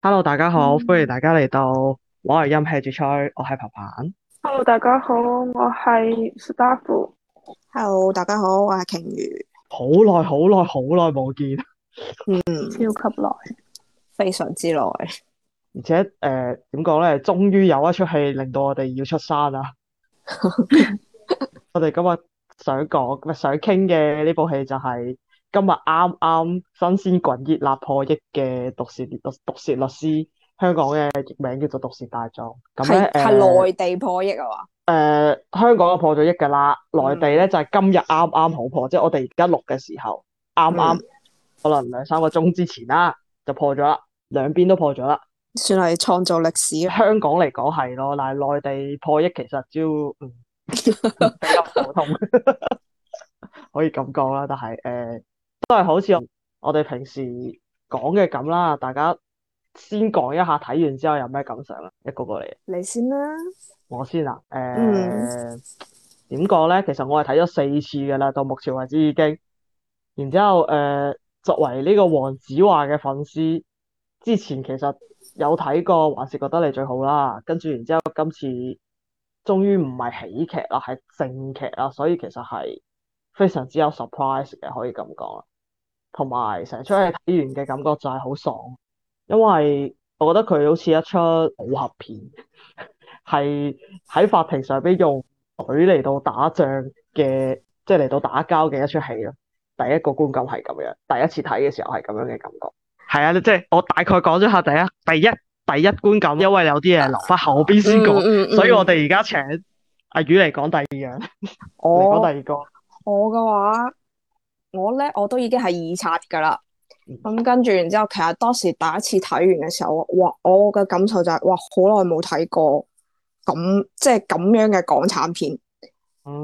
hello，大家好，mm. 歡迎大家嚟到畫外音戲劇區，我係彭彭。婆婆 hello，大家好，我係 staff。hello，大家好，我係鯨魚。好耐，好耐，好耐冇見， 嗯，超級耐，非常之耐，而且誒，點講咧？終於有一出戲令到我哋要出山啦！ 我哋今日想講，想傾嘅呢部戲就係、是。今日啱啱新鮮滾熱辣破億嘅毒舌律毒舌律師，香港嘅譯名叫做毒舌大狀。咁咧，係內地破億啊，嘛，誒，香港就破咗億噶啦，內地咧就係、是、今日啱啱好破，嗯、即係我哋而家錄嘅時候，啱啱、嗯、可能兩三個鐘之前啦，就破咗啦，兩邊都破咗啦，算係創造歷史。香港嚟講係咯，但係內地破億其實只要比較普通，可以咁講啦。但係誒。呃都係好似我哋平時講嘅咁啦。大家先講一下，睇完之後有咩感想啦？一個個嚟，你先啦。我先啦。誒、呃，點講咧？其實我係睇咗四次噶啦，到目前為止已經。然之後誒、呃，作為呢個黃子華嘅粉絲，之前其實有睇過，還是覺得你最好啦。跟住然之後，今次終於唔係喜劇啦，係正劇啦，所以其實係非常之有 surprise 嘅，可以咁講啦。同埋成出戲睇完嘅感覺就係好爽，因為我覺得佢好似一出武俠片，係 喺法庭上邊用腿嚟到打仗嘅，即係嚟到打交嘅一出戲咯。第一個觀感係咁樣，第一次睇嘅時候係咁樣嘅感覺。係啊，即、就、係、係、我大概講咗下第一、第一、第一觀感，因為有啲嘢留翻後邊先講， 嗯嗯、所以我哋而家請阿宇嚟講第二樣，嚟講我 第二個。我嘅話。我咧我都已經係二刷噶啦，咁、嗯嗯、跟住然之後，其實當時第一次睇完嘅時候，哇！我嘅感受就係、是、哇，好耐冇睇過咁即係咁樣嘅港產片，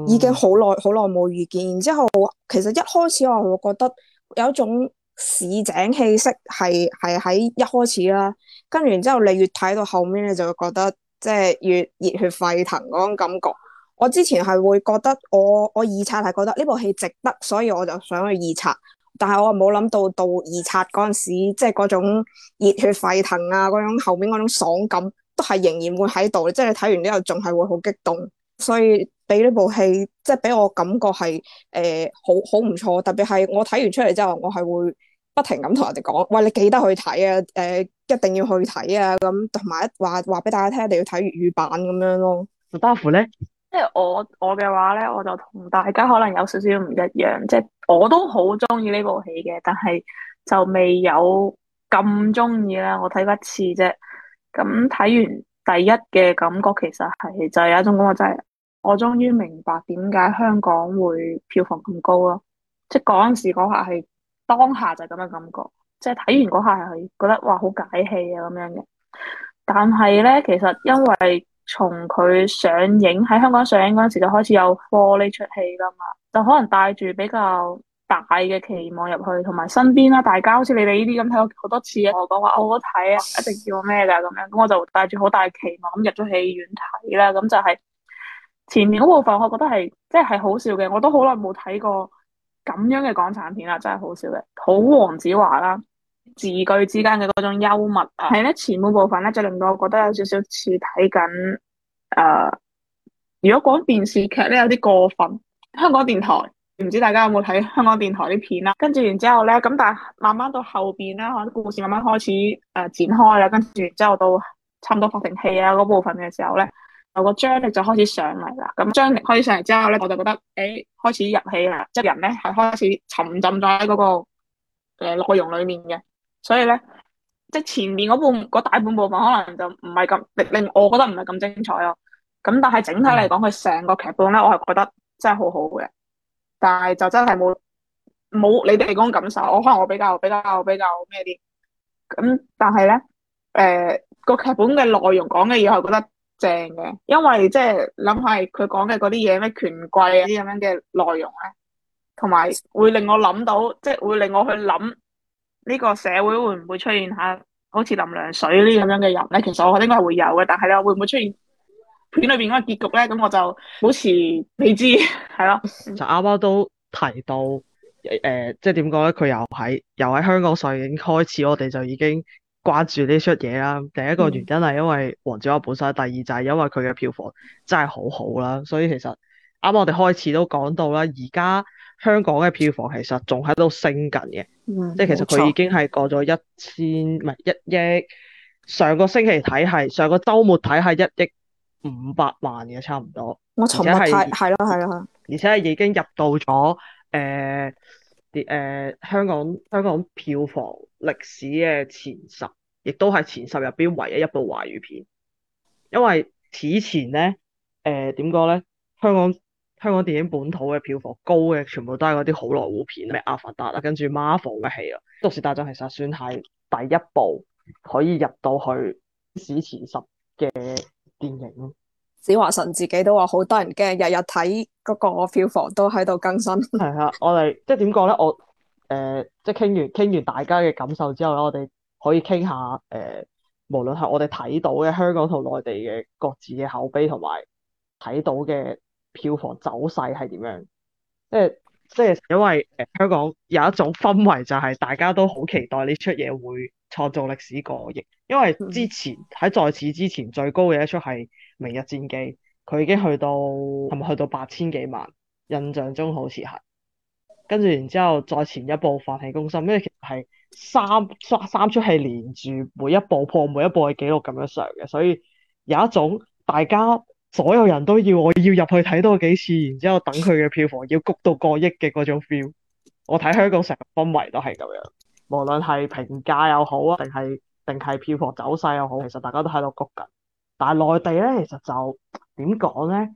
已經好耐好耐冇遇見。然之後，其實一開始我會覺得有一種市井氣息，係係喺一開始啦。跟住之後，你越睇到後面，你就會覺得即係越熱血沸騰嗰種感覺。我之前係會覺得我我二刷係覺得呢部戲值得，所以我就想去二刷。但係我冇諗到到二刷嗰陣時，即係嗰種熱血沸騰啊，嗰種後面嗰種爽感都係仍然會喺度。即係你睇完之後仲係會好激動，所以俾呢部戲即係俾我感覺係誒，好好唔錯。特別係我睇完出嚟之後，我係會不停咁同人哋講喂，你記得去睇啊，誒、呃、一定要去睇啊咁，同埋一話話俾大家聽一定要睇粵語版咁樣咯。那 Dafu 咧？即係我我嘅話咧，我就同大家可能有少少唔一樣。即係我都好中意呢部戲嘅，但係就未有咁中意啦。我睇一次啫，咁、嗯、睇完第一嘅感覺其實係就有一種感覺，就係、是、我終於明白點解香港會票房咁高咯。即係嗰陣時嗰下係當下就係咁樣感覺，即係睇完嗰下係覺得哇好解氣啊咁樣嘅。但係咧，其實因為。從佢上映喺香港上映嗰陣時就開始有播呢出戲㗎嘛，就可能帶住比較大嘅期望入去，同埋身邊啦，大家好似你哋呢啲咁睇過好多次，同我講話我好睇啊，一定叫我咩噶咁樣，咁我就帶住好大期望咁入咗戲院睇啦，咁就係、是、前面嗰部分我覺得係即係好笑嘅，我都好耐冇睇過咁樣嘅港產片啦，真係好笑嘅，黃子華啦。字句之間嘅嗰種幽默啊，係咧前半部分咧，就令到我覺得有少少似睇緊誒，如果講電視劇咧有啲過分，香港電台唔知大家有冇睇香港電台啲片啦，跟住然之後咧，咁但係慢慢到後邊啦，可能故事慢慢開始誒、呃、展開啦，跟住然之後到差唔多法庭戲啊嗰部分嘅時候咧，有個張力就開始上嚟啦，咁張力開始上嚟之後咧，我就覺得誒、欸、開始入戲啦，即係人咧係開始沉浸咗喺嗰個誒內容裏面嘅。所以咧，即係前面嗰半、嗰大半部分，可能就唔係咁令我覺得唔係咁精彩咯。咁但係整體嚟講，佢成個劇本咧，我係覺得真係好好嘅。但係就真係冇冇你哋嗰種感受，我可能我比較比較比較咩啲。咁但係咧，誒個劇本嘅內容講嘅嘢係覺得正嘅，因為即係諗下，佢講嘅嗰啲嘢，咩權貴啊啲咁樣嘅內容咧，同埋會令我諗到，即係會令我去諗。呢個社會會唔會出現下好似林涼水呢咁樣嘅人咧？其實我覺得應該係會有嘅，但係咧，會唔會出現片裏邊嗰個結局咧？咁我就好似未知係咯。就啱啱都提到誒、呃，即係點講咧？佢由喺由喺香港上映開始，我哋就已經關注呢出嘢啦。第一個原因係因為黃子華本身，嗯、第二就係、是、因為佢嘅票房真係好好啦。所以其實啱啱我哋開始都講到啦，而家。香港嘅票房其實仲喺度升緊嘅，嗯、即係其實佢已經係過咗一千，唔係一億。上個星期睇係，上個週末睇係一億五百萬嘅差唔多。我尋日睇係咯，係咯。而且係已經入到咗誒啲香港香港票房歷史嘅前十，亦都係前十入邊唯，唯一一部華語片。因為此前咧，誒點講咧，香港。香港電影本土嘅票房高嘅全部都係嗰啲好萊塢片，咩《阿凡達》啦，跟住 Mar《Marvel》嘅戲啊，《毒舌大狀》其實算係第一部可以入到去史前十嘅電影。子華神自己都話好多人驚，日日睇嗰個票房都喺度更新。係啊， 我哋即係點講咧？我誒、呃、即係傾完傾完大家嘅感受之後咧，我哋可以傾下誒、呃，無論係我哋睇到嘅香港同內地嘅各自嘅口碑同埋睇到嘅。票房走勢係點樣？即係即係，因為誒香港有一種氛圍，就係大家都好期待呢出嘢會創造歷史過億。因為之前喺在，在此之前最高嘅一出係《明日戰記》，佢已經去到係咪去到八千幾萬，印象中好似係。跟住然之後再前一部《飯戲攻心》，因為其實係三三三出係連住每一部破每一部嘅紀錄咁樣上嘅，所以有一種大家。所有人都要我要入去睇多幾次，然之後等佢嘅票房要谷到過億嘅嗰種 feel。我睇香港成個氛圍都係咁樣，無論係評價又好啊，定係定係票房走勢又好，其實大家都喺度谷緊。但係內地咧，其實就點講咧？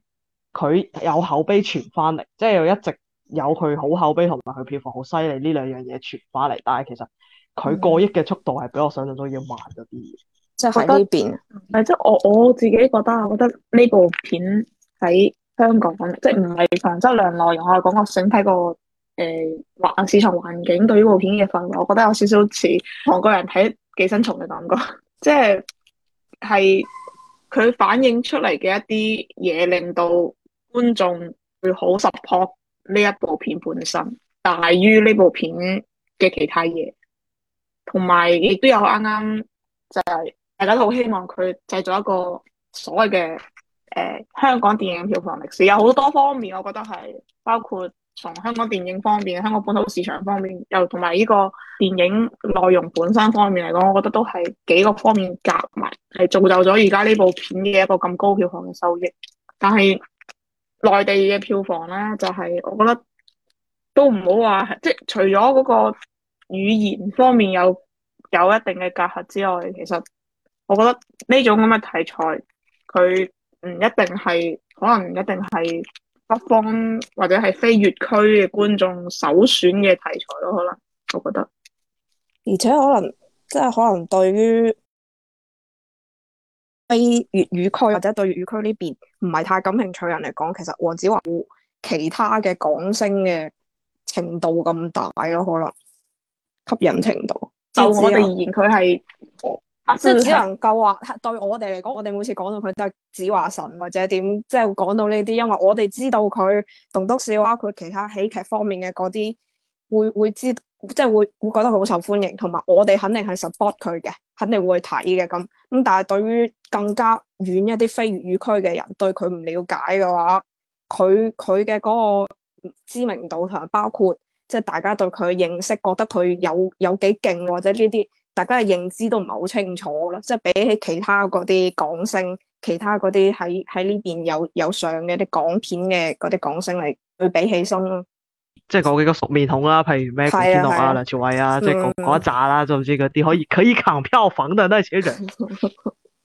佢有口碑傳翻嚟，即係又一直有佢好口碑同埋佢票房好犀利呢兩樣嘢傳翻嚟。但係其實佢過億嘅速度係比我想象中要慢咗啲。即係呢邊，係即係我我自己覺得，我覺得呢部片喺香港，即係唔係從質量內容，我係講個整體個誒環市場環境對呢部片嘅份，我覺得有少少似韓國人睇《寄生蟲》嘅感覺， 即係係佢反映出嚟嘅一啲嘢，令到觀眾會好 support 呢一部片本身，大於呢部片嘅其他嘢，同埋亦都有啱啱就係、是。大家都好希望佢製作一個所謂嘅誒香港電影票房歷史，有好多方面，我覺得係包括從香港電影方面、香港本土市場方面，又同埋呢個電影內容本身方面嚟講，我覺得都係幾個方面夾埋，係造就咗而家呢部片嘅一個咁高票房嘅收益。但係內地嘅票房咧，就係、是、我覺得都唔好話，即係除咗嗰個語言方面有有一定嘅隔閡之外，其實。我覺得呢種咁嘅題材，佢唔一定係，可能唔一定係北方或者係非粵區嘅觀眾首選嘅題材咯。可能我覺得，而且可能即係可能對於非粵語區或者對粵語區呢邊唔係太感興趣嘅人嚟講，其實黃子華其他嘅港星嘅程度咁大咯，可能吸引程度。就我哋而言，佢係。即係、啊、只能夠話、啊、對我哋嚟講，我哋每次講到佢都係子華神或者點，即係會講到呢啲，因為我哋知道佢同棟篤笑，包括其他喜劇方面嘅嗰啲，會會知即係會會覺得好受歡迎，同埋我哋肯定係 support 佢嘅，肯定會去睇嘅咁。咁但係對於更加遠一啲非粵語區嘅人，對佢唔了解嘅話，佢佢嘅嗰個知名度同埋包括即係大家對佢認識，覺得佢有有幾勁或者呢啲。大家嘅認知都唔係好清楚啦，即係比起其他嗰啲港星，其他嗰啲喺喺呢邊有有上嘅啲港片嘅嗰啲港星嚟，去比起身咯。即係嗰幾個熟面孔啦，譬如咩古天樂啊、梁朝偉啊，即係嗰一紮啦，就唔知嗰啲可以佢以扛票房啊，都係超即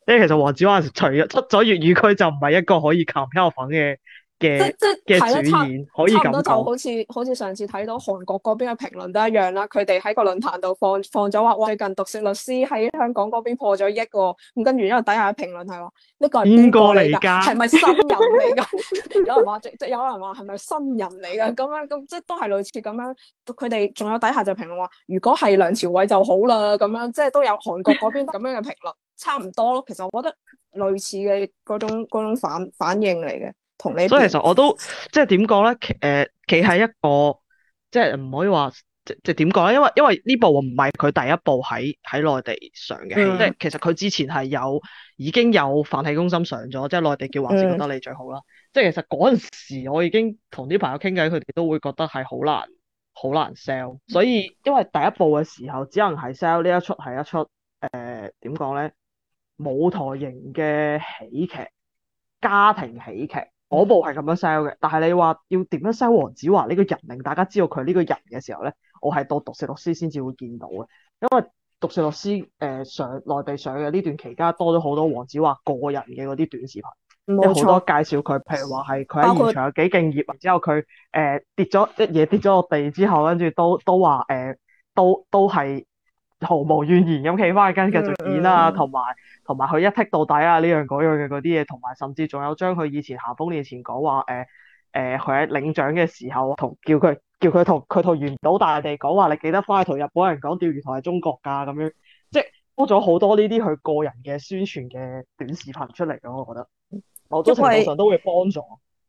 誒，其實黃 子華除咗出咗粵語區，就唔係一個可以扛票房嘅。即即係咯，差唔多差唔多就好似好似上次睇到韓國嗰邊嘅評論都一樣啦。佢哋喺個論壇度放放咗話，哇，最近毒舌律師喺香港嗰邊破咗億喎、哦。咁跟住，因為底下嘅評論係話呢個係邊個嚟㗎？係咪 新人嚟㗎？ 有人話即即有人話係咪新人嚟㗎？咁樣咁即都係類似咁樣。佢哋仲有底下就評論話，如果係梁朝偉就好啦。咁樣即都有韓國嗰邊咁樣嘅評論， 差唔多咯。其實我覺得類似嘅嗰種，種，種反反應嚟嘅。同你所以其實我都即係點講咧，誒企喺一個即係唔可以話即即點講咧，因為因為呢部唔係佢第一部喺喺內地上嘅、嗯、即係其實佢之前係有已經有飯戲攻心上咗，即係內地叫還是覺得你最好啦。嗯、即係其實嗰陣時我已經同啲朋友傾偈，佢哋都會覺得係好難好難 sell，所以、嗯、因為第一部嘅時候只能係 sell 呢一出係一出誒點講咧，舞台型嘅喜劇家庭喜劇。嗰部係咁樣 sell 嘅，但係你話要點樣 sell 黃子華呢個人，令大家知道佢呢個人嘅時候咧，我係到毒舌律師先至會見到嘅，因為毒舌律師誒、呃、上內地上嘅呢段期間多咗好多黃子華個人嘅嗰啲短視頻，即好錯多介紹佢，譬如話係佢喺現場有幾敬業，之括後佢誒、呃、跌咗一嘢跌咗落地之後，跟住都都話誒、呃、都都係毫無怨言咁企返去跟住繼續演啦、啊，同埋、嗯嗯。同埋佢一剔到底啊，呢樣嗰樣嘅嗰啲嘢，同埋甚至仲有將佢以前咸豐年前講話，誒誒，佢、欸、喺、欸、領獎嘅時候同叫佢叫佢同佢同原島大地講話，你記得翻去同日本人講釣魚台係中國㗎咁樣，即係多咗好多呢啲佢個人嘅宣傳嘅短視頻出嚟咁，我覺得，我通常都會幫助，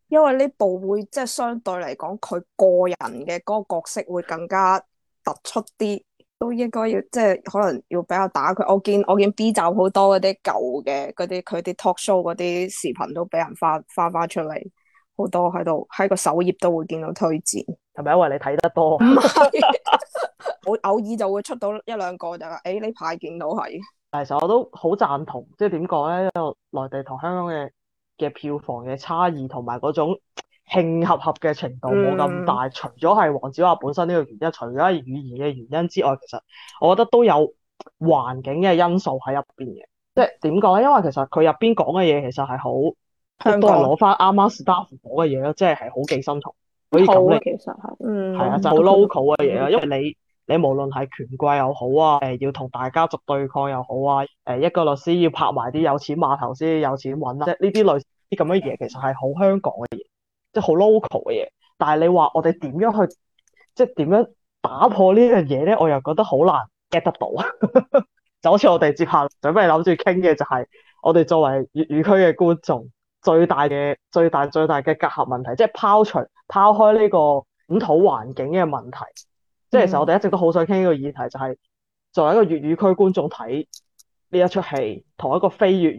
因為呢部會即係相對嚟講，佢個人嘅嗰個角色會更加突出啲。都應該要即係可能要比較打佢。我見我見 B 站好多嗰啲舊嘅啲佢啲 talk show 嗰啲視頻都俾人翻翻翻出嚟，好多喺度喺個首頁都會見到推薦。係咪因為你睇得多？唔係， 偶爾就會出到一兩個就話，誒呢排見到係。但其實我都好贊同，即係點講咧？因為內地同香港嘅嘅票房嘅差異同埋嗰種。慶合合嘅程度冇咁大，嗯、除咗係黃子華本身呢個原因，除咗語言嘅原因之外，其實我覺得都有環境嘅因素喺入邊嘅。即係點講咧？因為其實佢入邊講嘅嘢，其實係好香港人攞翻啱啱 staff 攞嘅嘢咯，即係係好寄生蟲，可以其實係，嗯，係啊是，好就好 local 嘅嘢啦。因為你你無論係權貴又好啊，誒要同大家族對抗又好啊，誒一個律師要拍埋啲有錢碼頭先有錢揾啦，即係呢啲類啲咁嘅嘢，其實係好香港嘅嘢。即係好 local 嘅嘢，但係你話我哋點樣去即係點樣打破呢樣嘢咧？我又覺得好難 get 得到。 就好似我哋接下準備諗住傾嘅就係我哋作為粵語區嘅觀眾最大嘅最大最大嘅隔閡問題，即係拋除拋開呢個本土環境嘅問題，嗯、即係其實我哋一直都好想傾呢個議題，就係、是、作為一個粵語區觀眾睇呢一出戲，同一個非粵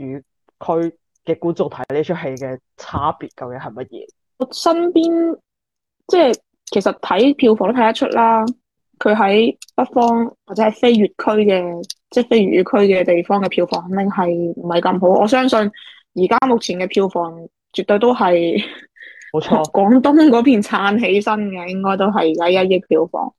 語區嘅觀眾睇呢出戲嘅差別究竟係乜嘢？我身邊即係其實睇票房都睇得出啦，佢喺北方或者係非粵區嘅，即係非粵語區嘅地方嘅票房肯定係唔係咁好。我相信而家目前嘅票房絕對都係冇錯，廣東嗰邊撐起身嘅，應該都係而家一億票房。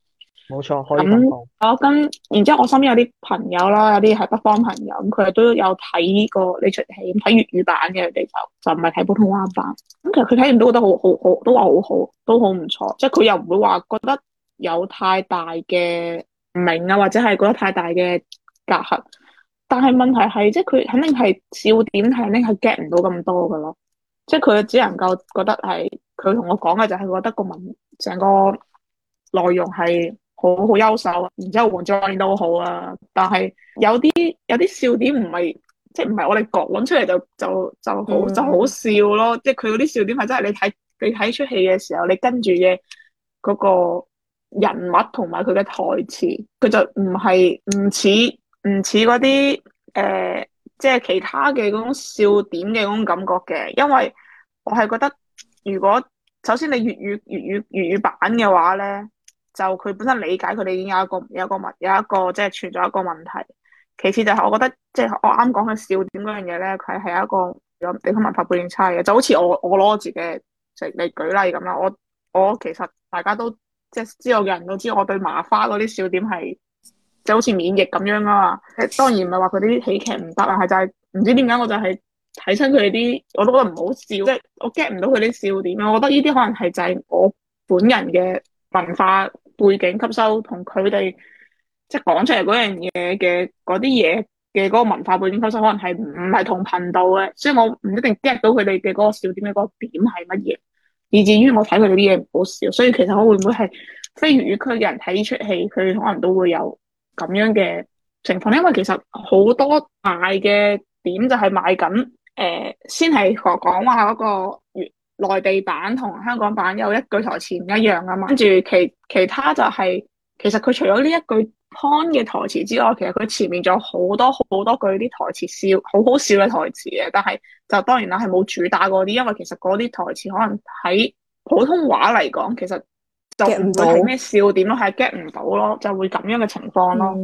冇錯，咁、嗯，我跟，然之後我身邊有啲朋友啦，有啲係北方朋友，佢哋都有睇過呢出戲，咁睇粵語版嘅，佢哋就就唔係睇普通話版。咁、嗯、其實佢睇完都覺得好好好，都話好好，都好唔錯，即係佢又唔會話覺得有太大嘅唔明啊，或者係覺得太大嘅隔閡。但係問題係，即係佢肯定係笑點係定係 get 唔到咁多噶咯。即係佢只能夠覺得係，佢同我講嘅就係覺得個文成個內容係。好好優秀，然之後黃張麗都好啊，但係有啲有啲笑點唔係即係唔係我哋講出嚟就就就好就好笑咯，即係佢嗰啲笑點係真係你睇你睇出戲嘅時候，你跟住嘅嗰個人物同埋佢嘅台詞，佢就唔係唔似唔似嗰啲誒即係其他嘅嗰種笑點嘅嗰種感覺嘅，因為我係覺得如果首先你粵語粵語粵語版嘅話咧。就佢本身理解佢哋已經有一個有一個問有一個即係存在一個問題。其次就係我覺得即係、就是、我啱講嘅笑點嗰樣嘢咧，佢係一個有地方文化背景差嘅。就好似我我攞我自己嚟嚟舉例咁啦，我我其實大家都即係知道嘅人都知，我對麻花嗰啲笑點係就好似免疫咁樣啊嘛。當然唔係話佢哋啲喜劇唔得啊，係就係、是、唔知點解我就係睇親佢哋啲我都覺得唔好笑，即、就、係、是、我 get 唔到佢啲笑點、啊。我覺得呢啲可能係就係我本人嘅文化。背景吸收同佢哋即係講出嚟嗰樣嘢嘅嗰啲嘢嘅嗰個文化背景吸收，可能係唔係同頻道嘅，所以我唔一定 get 到佢哋嘅嗰個笑點嘅嗰個點係乜嘢，以至於我睇佢哋啲嘢唔好笑，所以其實我會唔會係非粵語區嘅人睇呢出戲，佢可能都會有咁樣嘅情況，因為其實好多賣嘅點就係賣緊誒、呃，先係講講話嗰個粵。內地版同香港版有一句台詞唔一樣啊嘛，跟住其其他就係、是、其實佢除咗呢一句 point 嘅台詞之外，其實佢前面仲有好多好多句啲台詞笑好好笑嘅台詞嘅，但係就當然啦，係冇主打嗰啲，因為其實嗰啲台詞可能喺普通話嚟講，其實就唔係咩笑點咯，係 get 唔到咯，就會咁樣嘅情況咯。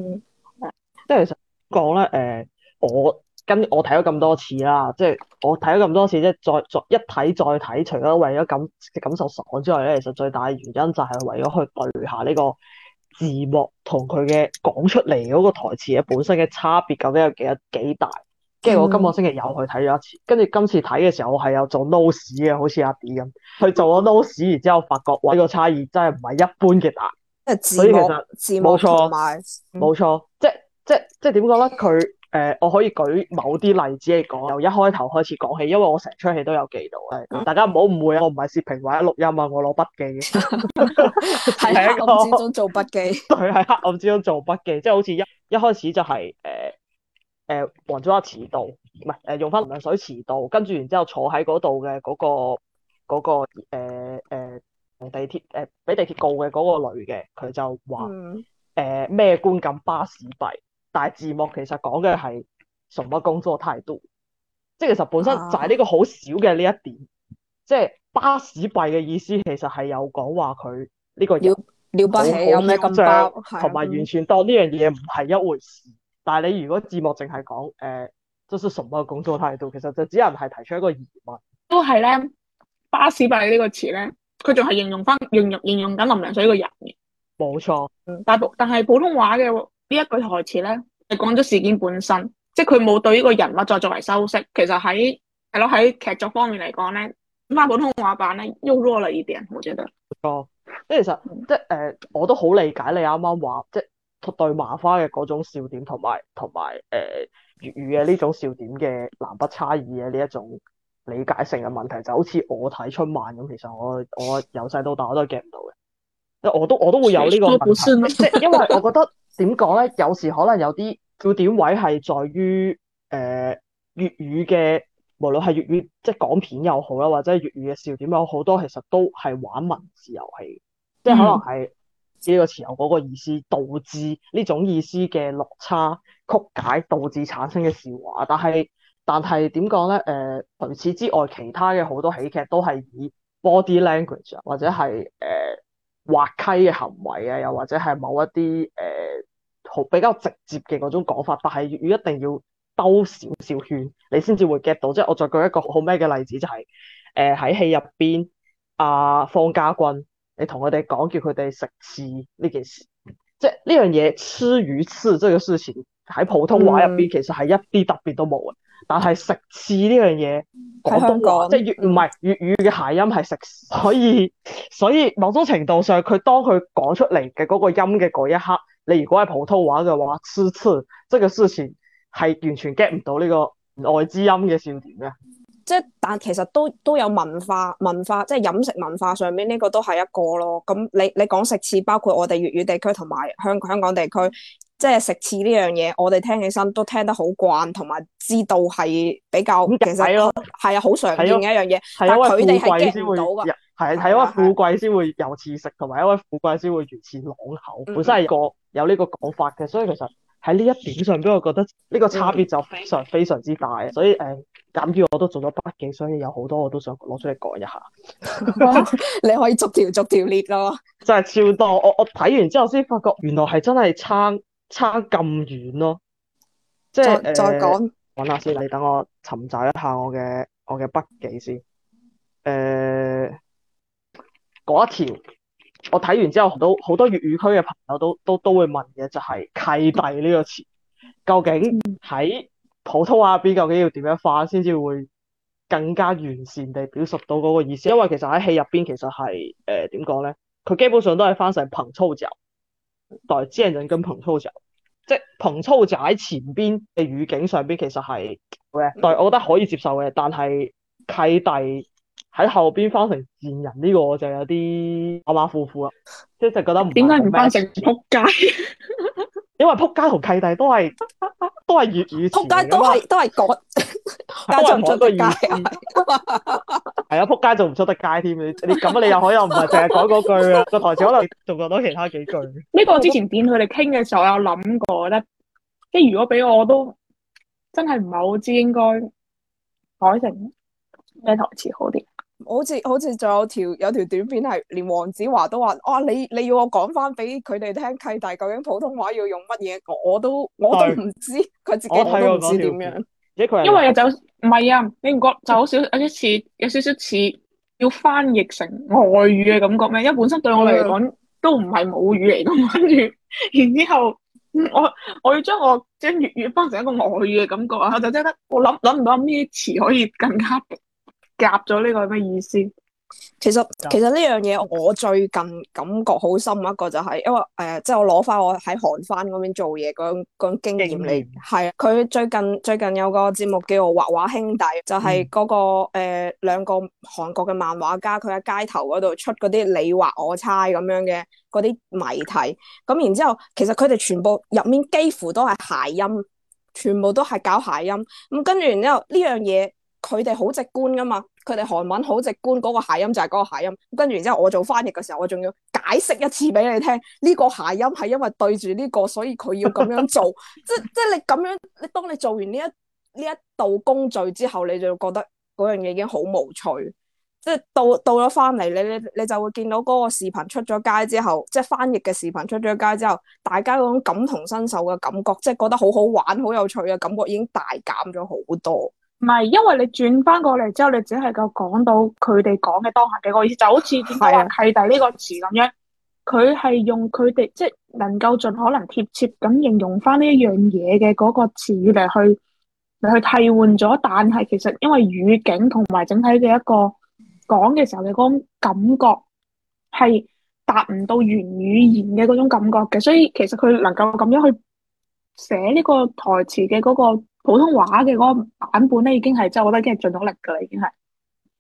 即係、嗯嗯、其實講咧，誒、呃、我。跟我睇咗咁多次啦，即係我睇咗咁多次，即係再再一睇再睇，除咗為咗感感受爽之外咧，其實最大嘅原因就係為咗去對下呢個字幕同佢嘅講出嚟嗰個台詞嘅本身嘅差別究竟有幾幾大？跟住我今個星期又去睇咗一次，跟住今次睇嘅時候，我係有做 no 屎嘅，好似阿 D 咁，去做咗 no 屎，然之後發覺呢個差異真係唔係一般嘅大。即係字幕，其實字幕冇錯，冇錯錯、嗯，即係即係即係點講咧？佢。誒，uh, 我可以舉某啲例子嚟講，由一開頭開始講起，因為我成出戲都有記到。嗯、大家唔好誤會啊，我唔係視屏或者錄音啊，我攞筆記。係喺黑暗之中做筆記。 對，係黑暗之中做筆記， 即係好似一一開始就係誒誒黃子華遲到，唔係誒用翻林涼水遲到，跟住然之後坐喺嗰度嘅嗰個嗰、嗰個誒、呃呃、地鐵誒俾地鐵告嘅嗰個女嘅，佢就話誒咩觀感巴士幣。但係字幕其實講嘅係什麼工作態度，即係其實本身就係呢個好少嘅呢一點，啊、即係巴士閉嘅意思其實係有講話佢呢個要要起好不好虛張，同埋包完全當呢樣嘢唔係一回事。嗯、但係你如果字幕淨係講誒，即、呃就是什麼工作態度，其實就只能係提出一個疑問。都係咧，巴士閉呢個詞咧，佢仲係形容翻形容形容緊林良水個人嘅。冇錯，嗯、但普但係普通話嘅。呢一句台詞咧，係講咗事件本身，即係佢冇對呢個人物再作為修飾。其實喺，係咯，喺劇作方面嚟講咧，翻普通話版咧又弱了一點，我覺得。哦，即係其實即係誒，我都好理解你啱啱話，即係對麻花嘅嗰種笑點同埋同埋誒粵語嘅呢種笑點嘅南北差異嘅呢一種理解性嘅問題，就好似我睇春晚咁，其實我我由細到大我都係 get 唔到嘅。我都我都會有呢個， 因為我覺得。點講咧？有時可能有啲笑點位係在於誒、呃、粵語嘅，無論係粵語即係港片又好啦，或者粵語嘅笑點啦，好多其實都係玩文字遊戲，即係可能係呢個詞有嗰個意思，導致呢種意思嘅落差曲解，導致產生嘅笑話。但係但係點講咧？誒、呃、除此之外，其他嘅好多喜劇都係以 body language 或者係誒。呃滑稽嘅行為啊，又或者係某一啲誒好比較直接嘅嗰種講法，但係粵語一定要兜少少圈，你先至會 get 到。即係我再舉一個好咩嘅例子，就是，就係誒喺戲入邊，阿、呃、方家駿，你同佢哋講叫佢哋食刺呢件事，即係呢樣嘢，吃魚刺呢個事情喺普通話入邊其實係一啲特別都冇啊。嗯但係食肆呢樣嘢，喺香港即係粵唔係粵語嘅諧音係食，所以所以某種程度上，佢當佢講出嚟嘅嗰個音嘅嗰一刻，你如果係普通話嘅話，黐黐即係之前係完全 get 唔到呢個外之音嘅，笑點嘅。即係但係其實都都有文化文化，即係飲食文化上面呢個都係一個咯。咁你你講食肆，包括我哋粵語地區同埋香香港地區。即係食翅呢樣嘢，我哋聽起身都聽得好慣，同埋知道係比較其實係啊，好常用嘅一樣嘢。但係佢哋係先會係係因為富貴先會有翅食，同埋因，因為富貴先會魚翅朗口。本身係個有呢個講法嘅，所以其實喺呢一點上，俾我覺得呢個差別就非常非常之大。嗯、所以誒，咁、嗯、因、嗯嗯、我都做咗百幾，所以有好多我都想攞出嚟講一下。 你可以逐條逐條列咯。真係 超多，我我睇完之後先發覺，原來係真係撐。差咁遠咯，哦，即係再講揾、呃、說下先，你等我尋找一下我嘅我嘅筆記先。誒、呃，嗰一條我睇完之後，都好多粵語區嘅朋友都都都會問嘅就係、是、契弟呢個詞，究竟喺普通話入邊究竟要點樣化先至會更加完善地表述到嗰個意思？因為其實喺戲入邊其實係誒點講咧，佢、呃、基本上都係翻成憑操就。代真人跟彭超走，即係彭超就喺前邊嘅語境上邊，其實係嘅，但我覺得可以接受嘅。但係契弟喺後邊翻成真人呢個就有啲馬馬虎虎啦，即就覺得唔點解唔翻成仆街？因為扑街同契弟都係都係粵語，扑街都係都係講，做唔 出得、 嗯、街啊！係啊，扑街做唔出得街添。你你咁你又可以唔係淨係講嗰句啊，個 台詞可能仲講到其他幾句。呢個之前片佢哋傾嘅時候有諗過咧，即係如果俾我，我都真係唔係好知應該改成咩台詞好啲。好似好似仲有條有條短片係連黃子華都話：哇！你你要我講翻俾佢哋聽契弟究竟普通話要用乜嘢，我都我都唔知。佢是自己都我都唔知點樣。因為就唔係啊，你唔覺就好少有啲似有少少似要翻譯成外語嘅感覺咩？因為本身對我嚟講的都唔係母語嚟噶嘛，跟住然之後我我要將我將粵語翻成一個外語嘅感覺啊，我就真得我諗諗唔到咩詞可以更加。夾咗呢個係咩意思？其實其實呢樣嘢，我最近感覺好深一個就係、是，因為誒、呃，即係我攞翻我喺韓翻嗰邊做嘢嗰種嗰經驗嚟。係佢驗最近最近有個節目叫《畫畫兄弟》，就是那個，就係嗰個誒兩個韓國嘅漫畫家，佢喺街頭嗰度出嗰啲你畫我猜咁樣嘅嗰啲謎題。咁然之後，其實佢哋全部入面幾乎都係諧音，全部都係搞諧音。咁跟住然之後呢樣嘢。佢哋好直觀噶嘛，佢哋韓文好直觀，嗰個諧音就係嗰個諧音。跟住然之後，我做翻譯嘅時候，我仲要解釋一次俾你聽，呢個諧音係因為對住呢個，所以佢要咁樣做。 即即係你咁樣，你當你做完呢一呢一道工序之後，你就覺得嗰樣嘢已經好無趣。即到到咗翻嚟，你你你就會見到嗰個視頻出咗街之後，即係翻譯嘅視頻出咗街之後，大家嗰種感同身受嘅感覺，即係覺得好好玩、好有趣嘅感覺已經大減咗好多。唔係，因為你轉翻過嚟之後，你只係夠講到佢哋講嘅當下幾個意思，就好似點講係但呢個詞咁樣，佢係的用佢哋即係能夠盡可能貼切咁形容翻呢一樣嘢嘅嗰個詞語嚟去嚟去替換咗。但係其實因為語境同埋整體嘅一個講嘅時候嘅嗰種感覺係達唔到原語言嘅嗰種感覺嘅，所以其實佢能夠咁樣去寫呢個台詞嘅嗰個。普通話嘅個版本咧，已經係即係，我覺得已經係盡到力噶啦，已經係。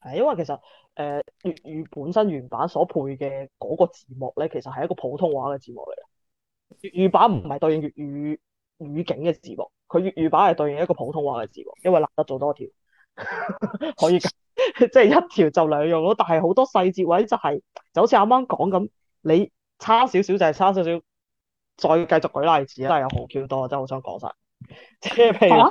係因為其實誒粵、呃、粵語本身原版所配嘅嗰個字幕咧，其實係一個普通話嘅字幕嚟。粵語版唔係對應粵語語境嘅字幕，佢粵語版係對應一個普通話嘅字幕，因為懶得做多條，可以即係一條就兩用咯。但係好多細節位就係、係、就好似啱啱講咁，你差少少就係差少少，再繼續舉例子啊！真係有好 Q 多，真係好想講晒。即係譬如，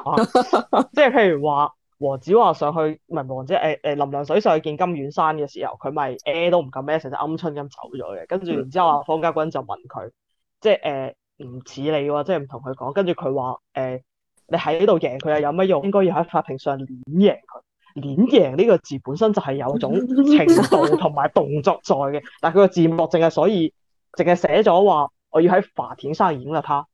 蛤 即係譬如話，黃子華上去，唔係黃子，誒誒，林、哎、良、哎、水上去見金遠山嘅時候，佢咪咩都唔敢咩、呃，成隻鵪鶉咁走咗嘅。跟住然之後，方家軍就問佢，即係誒，唔、呃、似你喎，即係唔同佢講。跟住佢話，誒、呃，你喺呢度贏佢係有乜用？應該要喺法庭上碾贏佢。碾贏呢個字本身就係有種程度同埋動作在嘅，但係佢個字幕淨係所以淨係寫咗話，我要喺法庭上演喇他。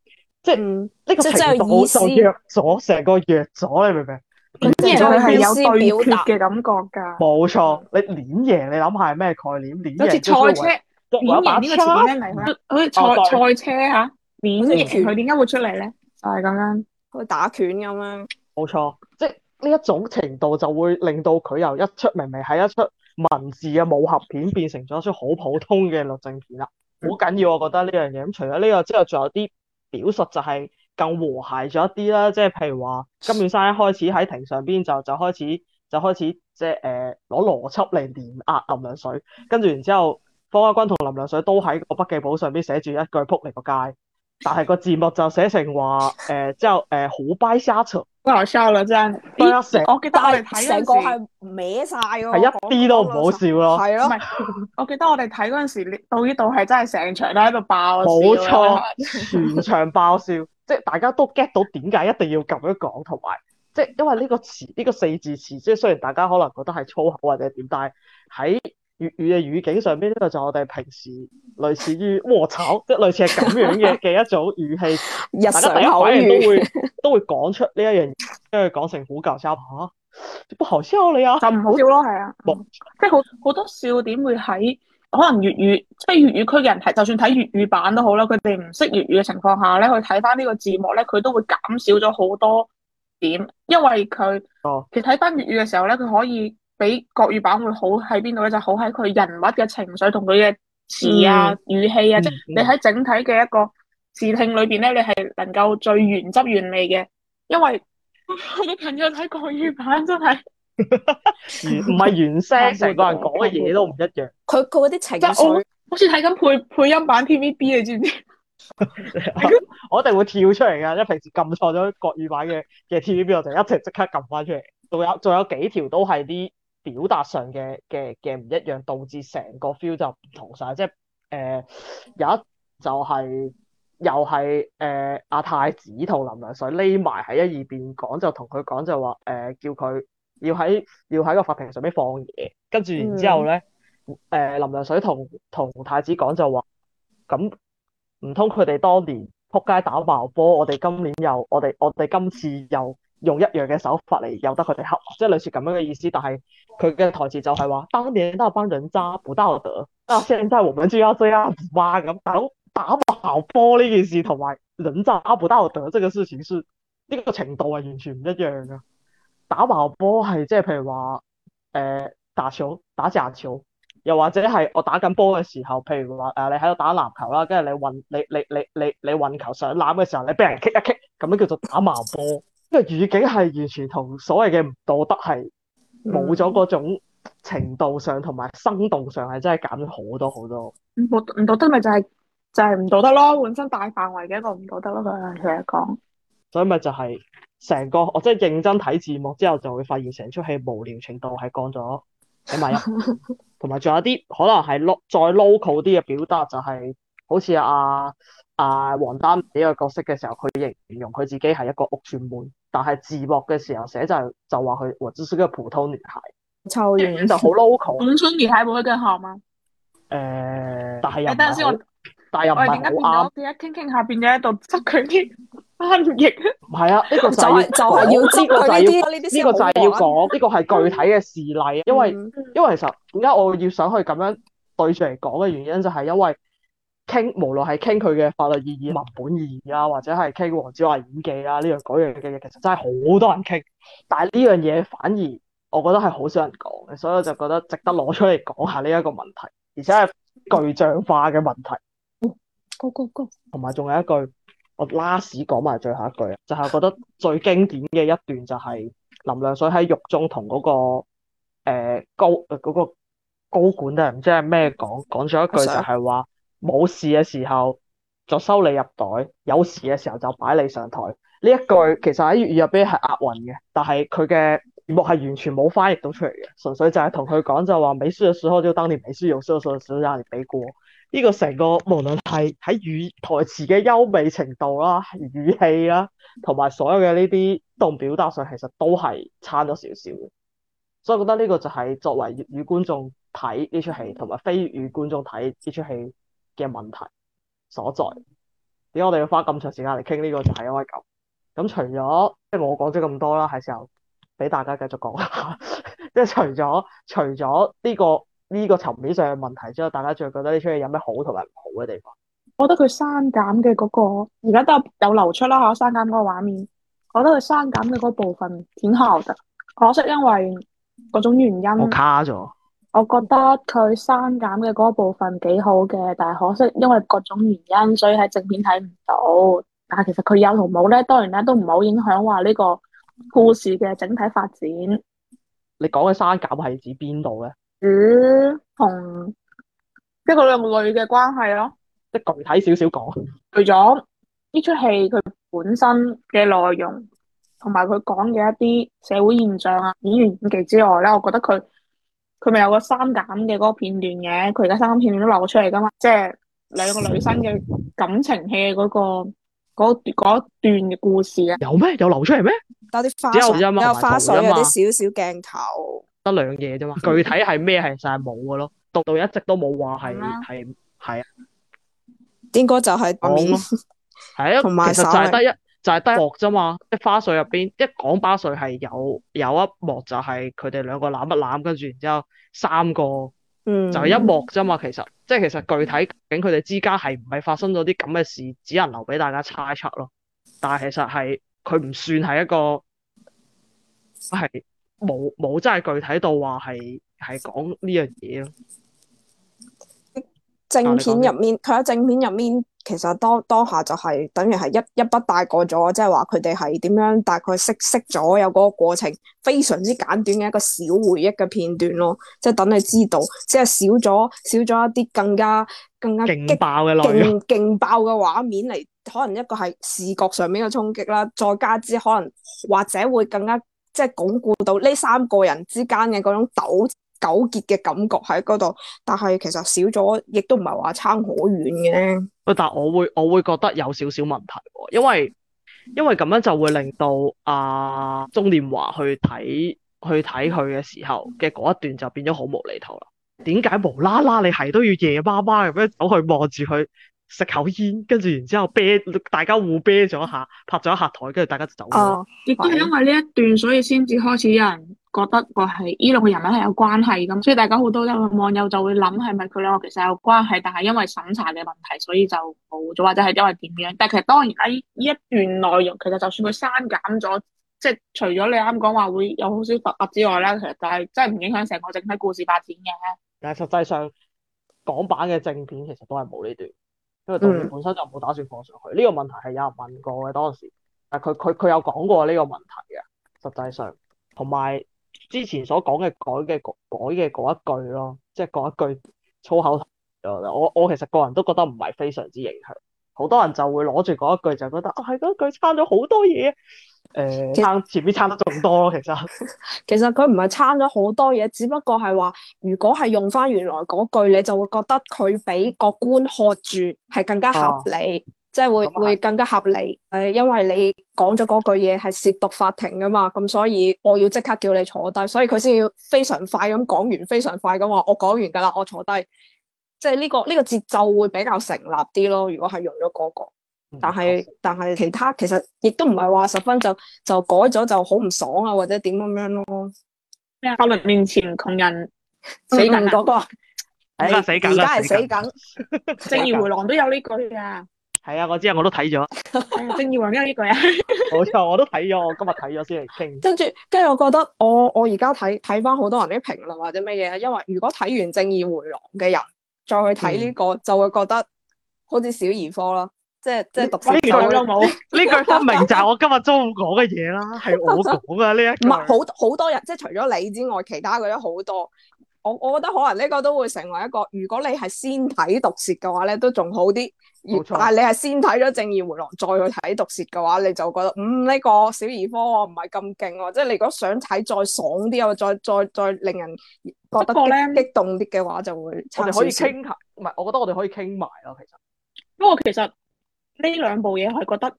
即係呢個程度就弱咗，成個弱咗，你明唔明？咁即佢係有對決嘅感覺噶，冇錯。你碾贏，你諗下係咩概念？碾贏好似賽車，碾贏呢個場面好似賽賽車吓碾贏佢，點解會出嚟咧？就係咁樣，去打拳咁樣，冇錯。即係呢一種程度就會令到佢由一出明明係一出文字嘅武俠片，變成咗一出好普通嘅律政片啦。好緊要，我覺得呢樣嘢。咁除咗呢個之後，仲有啲。表述就係更和諧咗一啲啦，即係譬如話金遠山一開始喺庭上邊就就開始就開始即係誒攞邏輯嚟碾壓林涼水，跟住然之後方家軍同林涼水都喺個筆記簿上邊寫住一句仆你個街，但係個字幕就寫成話誒之後誒胡掰瞎扯。呃咦我笑啦真，我記得我哋睇成個係歪晒喎，係一啲都唔好笑咯。係咯的，唔係 我記得我哋睇嗰陣時，到呢度係真係成場都喺度爆，冇錯， 全場爆笑， 即係大家都 get 到點解一定要咁樣講，同埋即係因為呢個詞，呢、呢個四字詞，即係雖然大家可能覺得係粗口或者點，但係喺，粵語嘅語境上邊呢個就我哋平時類似於卧槽」， 即係類似係咁樣嘅嘅一種語氣，大 家第一反應都會 都會講出呢一樣，因為講成教，啊、好搞笑吓，不好笑你啊，就唔好笑咯，係啊、嗯，即係好好多笑點會喺可能粵語，即係粵語區嘅人睇，就算睇粵語版都好啦，佢哋唔識粵語嘅情況下咧，去睇翻呢個字幕咧，佢都會減少咗好多點，因為佢，嗯、其實睇翻粵語嘅時候咧，佢可以。比國語版會好喺邊度咧？就是、好喺佢人物嘅情緒同佢嘅詞啊、嗯、語氣啊，嗯、即係你喺整體嘅一個視聽裏邊咧，你係能夠最原汁原味嘅。因為我朋友睇國語版真係唔係原聲，成 個人講嘅嘢都唔一樣。佢佢嗰啲情緒， 好似睇緊配配音版 TVB 你知唔知？ 我一定會跳出嚟噶，因為平時撳錯咗國語版嘅嘅 TVB，我就一齊即刻撳翻出嚟。仲有仲有，有幾條都係啲。表達上嘅嘅嘅唔一樣，導致成個 feel 就唔同晒。即係誒、呃、有一就係、係、又係誒阿太子同林良水匿埋喺一二邊講，就同佢講就話誒叫佢要喺要喺個法庭上邊放嘢，跟住然之後咧誒、嗯呃、林良水同同太子講就話咁唔通佢哋當年撲街打爆波，我哋今年又我哋我哋今次又。用一樣嘅手法嚟由得佢哋恰，即、就、係、是、類似咁樣嘅意思。但係佢嘅台詞就係話：當年都那班人渣不道德，那現在我們就要這樣子嘛咁。打打茅波呢件事同埋人渣不道德呢個事情是，是、這、呢個程度係完全唔一樣嘅。打茅波係即係譬如話誒、呃、打少打字眼又或者係我打緊波嘅時候，譬如話誒、呃、你喺度打籃球啦，跟住你運你你你你你，你運球上籃嘅時候，你俾人棘一棘，咁樣叫做打茅波。因為語境係完全同所謂嘅唔道德係冇咗嗰種程度上，同埋生動上係真係減咗好多好多。唔道德咪就係就係唔道德咯，本身大範圍嘅一個唔道德咯。佢哋講，所以咪就係成個我即係認真睇字幕之後，就會發現成出戲無聊程度係降咗，係咪同埋仲有啲可能係 low 再 local 啲嘅表達，啊，就係好似阿阿王丹呢個角色嘅時候，佢形容佢自己係一個屋村妹。但係字幕嘅時候寫就就話佢，我只是一個普通女孩，就好 local，農村女孩不會更好嗎？誒，但係又等下先，我但係又唔係好啱。我而家傾傾下，變嘅喺度執佢啲翻譯。唔係啊，呢個就係就係要知，呢個呢個就係要講，呢個係具體嘅事例。因為因為其實點解我要想去咁樣對住嚟講嘅原因，就係因為。傾，無論係傾佢嘅法律意義、文本意義啊，或者係傾黃子華演技啊，呢樣嗰樣嘅嘢，其實真係好多人傾。但係呢樣嘢反而我覺得係好少人講嘅，所以我就覺得值得攞出嚟講下呢一個問題，而且係具象化嘅問題。同埋仲有一句，我拉屎講埋最後一句啊，就係我覺得最經典嘅一段就係林亮水喺獄中同嗰個、呃、高嗰個高管啊，唔知係咩講講咗一句就係話。冇事嘅時候就收你入袋，有事嘅時候就擺你上台。呢一句其實喺粵語入邊係押韻嘅，但係佢嘅幕係完全冇翻譯到出嚟嘅，純粹就係同佢講就話，冇事嘅時候就當你冇事，有事嘅時候就讓你俾過。呢、這個成個無論係喺語台詞嘅優美程度啦，啊、語氣啦，啊，同埋所有嘅呢啲動表達上，其實都係差咗少少嘅。所以我覺得呢個就係作為粵語觀眾睇呢出戲，同埋非粵語觀眾睇呢出戲。嘅問題所在，點解我哋要花咁長時間嚟傾呢個就係因為咁。咁除咗即係我講咗咁多啦，係時候俾大家繼續講 即係除咗除咗呢個呢個層面上嘅問題之後，大家最覺得呢出嘢有咩好同埋唔好嘅地方？我覺得佢刪減嘅嗰個而家都有流出啦嚇，刪減嗰個畫面。我覺得佢刪減嘅嗰部分挺好嘅，可惜因為嗰種原因我卡咗。我覺得佢刪減嘅嗰部分幾好嘅，但係可惜因為各種原因，所以喺正片睇唔到。但係其實佢有同冇咧，當然咧都唔好影響話呢個故事嘅整體發展。你講嘅刪減係指邊度咧？嗯，同一個兩女嘅關係咯，即具體少少講。除咗呢出戲佢本身嘅內容，同埋佢講嘅一啲社會現象啊、演員演技之外咧，我覺得佢。佢咪有個三減嘅嗰個片段嘅，佢而家三減片段都流出嚟噶嘛，即係兩個女生嘅感情戲嗰、嗰個嗰段嘅故事啊。有咩有流出嚟咩？加啲花絮，加花絮有啲少少鏡頭。得兩嘢啫嘛，嗯、具體係咩係晒冇嘅咯，讀到一直都冇話係係係。應該就係係啊，其實就得一。但係得一幕啫嘛，一花絮入邊一講巴絮係有有一幕就係佢哋兩個攬一攬，跟住然之後三個，嗯，就係一幕啫嘛。其實即係其實具體究竟佢哋之間係唔係發生咗啲咁嘅事，只能留俾大家猜測咯。但係其實係佢唔算係一個係冇冇真係具體到話係係講呢樣嘢咯。正片入面，佢喺正片入面，其實當當下就係等於係一一筆帶過咗，即係話佢哋係點樣大概識識咗有嗰個過程，非常之簡短嘅一個小回憶嘅片段咯，即係等你知道，即係少咗少咗一啲更加更加激，激爆勁，勁爆嘅內容，勁，勁爆嘅畫面嚟，可能一個係視覺上面嘅衝擊啦，再加之可能或者會更加即係鞏固到呢三個人之間嘅嗰種鬥。糾結嘅感覺喺嗰度，但係其實少咗，亦都唔係話差好遠嘅。喂，但係我會，我會覺得有少少問題喎，因為因為咁樣就會令到啊鍾念華去睇去睇佢嘅時候嘅嗰一段就變咗好無厘頭啦。點解無啦啦你係都要夜麻麻咁樣走去望住佢食口煙，跟住然之後啤大家互啤咗下，拍咗一下枱，跟住大家就走咗。啊。亦都係因為呢一段，所以先至開始有人，覺得我係呢兩個人物係有關係咁，所以大家好多網友就會諗係咪佢兩個其實有關係，但係因為審查嘅問題，所以就冇咗，或者係因為點樣？但係其實當然喺呢一段內容，其實就算佢刪減咗，即係除咗你啱講話會有好少伏筆之外咧，其實就係真係唔影響成個整體故事發展嘅。但係實際上港版嘅正片其實都係冇呢段，因為導演本身就冇打算放上去。呢、嗯、個問題係有人問過嘅當時，但佢佢佢有講過呢個問題嘅。實際上同埋。之前所講嘅改嘅改嘅嗰一句咯，即係嗰一句粗口，我我其實個人都覺得唔係非常之影響，好多人就會攞住嗰一句就覺得，哦，係嗰句差咗好多嘢。誒、呃、其實差前邊差得仲多咯，其實其實佢唔係差咗好多嘢，只不過係話如果係用返原來嗰句，你就會覺得佢畀個官喝住係更加合理。啊即係會會更加合理，係因為你講咗嗰句嘢係褻瀆法庭㗎嘛，咁所以我要即刻叫你坐低，所以佢先要非常快咁講完，非常快咁話我講完㗎啦，我坐低，即係呢、呢個呢、呢個節奏會比較成立啲咯。如果係用咗嗰個，但係、嗯、但係其他其實亦都唔係話十分就就改咗就好唔爽啊，或者點咁樣咯、啊，法律面前窮人死梗嗰個，而家死梗啦，而家係死梗，正義迴廊都有呢句啊！係啊，我知啊，我都睇咗《正義回廊》呢句啊。冇錯，我都睇咗，我今日睇咗先嚟傾。跟住，跟住，我覺得我我而家睇睇翻好多人啲評論或者乜嘢啊，因為如果睇完《正義回廊》嘅人再去睇呢、呢個，嗯、就會覺得好似小兒科啦，即係即係讀，有冇？呢句分明就係我今日中午講嘅嘢啦，係我講嘅呢一。唔係，好好多人，即係除咗你之外，其他嘅啲好多。我我覺得可能呢個都會成為一個，如果你係先睇毒舌嘅話咧，都仲好啲。冇錯。但係你係先睇咗正義回廊再去睇毒舌嘅話，你就覺得嗯，呢個小兒科啊，唔係咁勁啊。即係你如果想睇再爽啲啊，再再再令人覺得激，激動啲嘅話，就會我哋可以傾下。唔係，我覺得我哋可以傾埋咯，其實。不過其實呢兩部嘢，我係覺得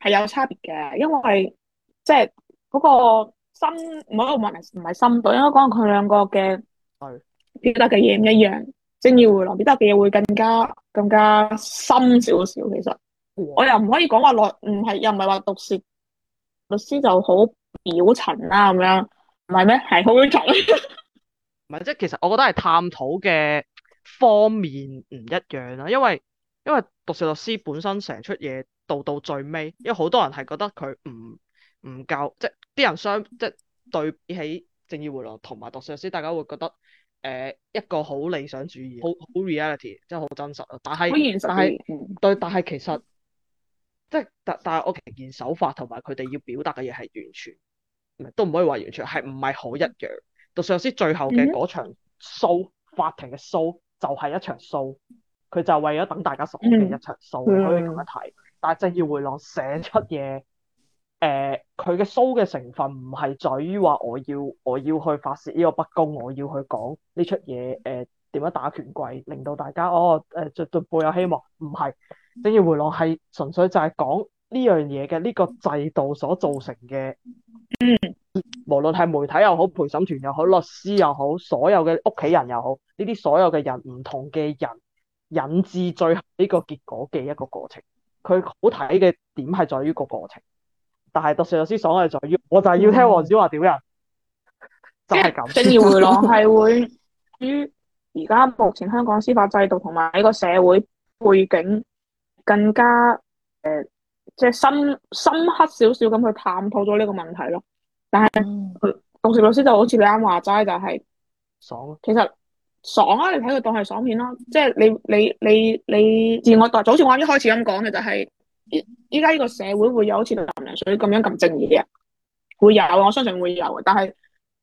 係有差別嘅，因為即係嗰個深唔係唔係深度，應該講佢兩個嘅。係表是得嘅嘢唔一樣，正義回廊表得嘅嘢會更加更加深少少。其實、嗯、我又唔可以講話律唔係又唔係話毒舌律師就好表層啦、啊，咁樣唔係咩？係好重。唔係即係其實我覺得係探討嘅方面唔一樣啦、啊。因為因為毒舌律師本身成出嘢到到最尾，因為好多人係覺得佢唔唔夠，即係啲人相即係、就是、對比起正義回廊同埋毒舌律師，大家會覺得。誒，uh, 一個好理想主義，好好 reality，即係好真實咯。但係，現實但係，對，但係其實即係，但但係，我其見手法同埋佢哋要表達嘅嘢係完全唔係都唔可以話完全係唔係好一樣。毒舌最後嘅嗰場 show、mm hmm. 法庭嘅 show 就係、是、一場 show，佢就爲咗等大家熟嘅一場 show，、mm hmm. 可以咁樣睇。但係正要回浪寫出嘢。誒，佢嘅、呃、show 嘅成分唔係在於話我要我要去發洩呢個不公，我要去講呢出嘢，誒、呃、點樣打權貴，令到大家哦，誒絕對抱有希望。唔係，正義回廊係純粹就係講呢樣嘢嘅呢個制度所造成嘅，無論係媒體又好，陪審團又好，律師又好，所有嘅屋企人又好，呢啲所有嘅人唔同嘅人引致最後呢個結果嘅一個過程。佢好睇嘅點係在於個過程。但係毒舌律師爽係在於，我就係要聽黃子華屌人，就係咁。正義 回廊係會於而家目前香港司法制度同埋呢個社會背景更加誒，即、呃、係、就是、深深刻少少咁去探討咗呢個問題咯。但係、嗯、毒舌律師就好似你啱話齋，就係爽。其實爽啊，你睇佢當係爽片咯，即、就、係、是、你你你你，你自我代。就好似我啱一開始咁講嘅，就係。依家呢個社會會有好似林水咁樣咁正義嘅，會有，我相信會有。但係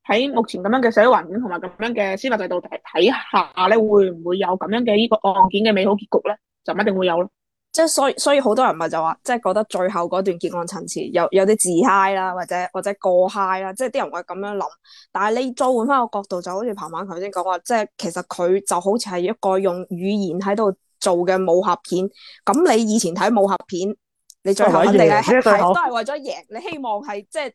喺目前咁樣嘅社會環境同埋咁樣嘅司法制度睇睇下你會唔會有咁樣嘅呢個案件嘅美好結局咧？就唔一定會有啦。即係所所以，好多人咪就話，即係覺得最後嗰段結案陳詞有有啲自嗨啦，或者或者過嗨啦。即係啲人會咁樣諗。但係你再換翻個角度，就好似彭彭頭先講話，即係其實佢就好似係一個用語言喺度。做嘅武俠片，咁你以前睇武俠片，你最後肯定係都係為咗贏，你希望係即係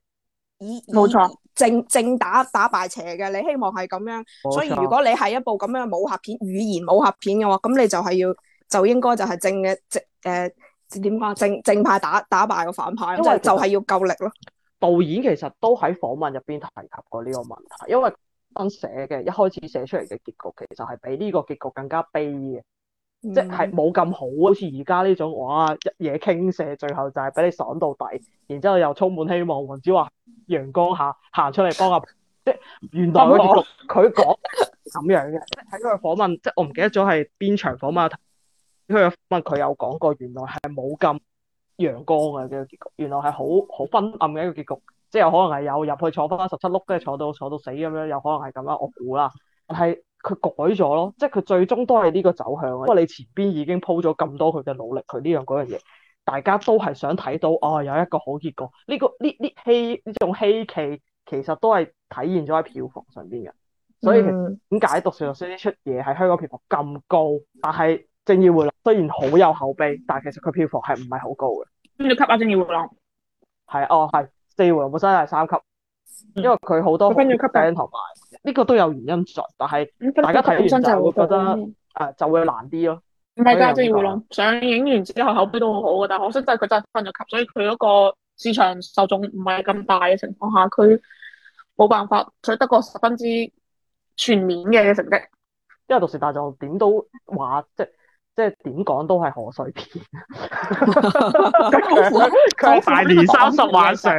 以冇錯錯正正打打敗邪嘅，你希望係咁樣。錯所以如果你係一部咁樣嘅武俠片語言武俠片嘅話，咁你就係要就應該就係正嘅正誒點講正正派打打敗個反派，即係為就係要夠力咯。導演其實都喺訪問入邊提及過呢個問題，因為新寫嘅一開始寫出嚟嘅結局，其實係比呢個結局更加悲嘅。嗯、即係冇咁好，好似而家呢種，哇，一夜傾瀉，最後就係俾你爽到底，然之後又充滿希望，黃子華陽光下行出嚟幫阿，即係原來個結局佢講咁樣嘅，即係睇佢訪問，即係我唔記得咗係邊場訪問，佢有問佢有講過，原來係冇咁陽光嘅嘅、這個、結局，原來係好好昏暗嘅一個結局，即係有可能係有入去坐翻十七碌，跟住坐到坐到死咁樣，有可能係咁啦，我估啦，但係。佢改咗咯，即係佢最終都係呢個走向。不過你前邊已經鋪咗咁多佢嘅努力，佢呢樣嗰樣嘢，大家都係想睇到哦，有一個好結果。呢、這個呢呢希呢種稀奇，其實都係體現咗喺票房上邊嘅。所以點解《毒舌律師》呢出嘢喺香港票房咁高，但係、哦《正義回廊》雖然好有口碑，但係其實佢票房係唔係好高嘅？邊級啊？《正義回廊》，係哦係四回，本身係三級。因為佢好多弟弟，跟住吸餅同埋呢個都有原因，但係大家睇起身就會覺得誒就會難啲咯。唔係咁中意咯。上映、這個、完之後口碑都好好嘅，但係可惜即係佢真係分咗級，所以佢嗰個市場受眾唔係咁大嘅情況下，佢冇辦法取得個十分之全面嘅成績。因為《毒舌大狀》點都 話，即係即係點講都係賀歲片，佢大年三十晚上。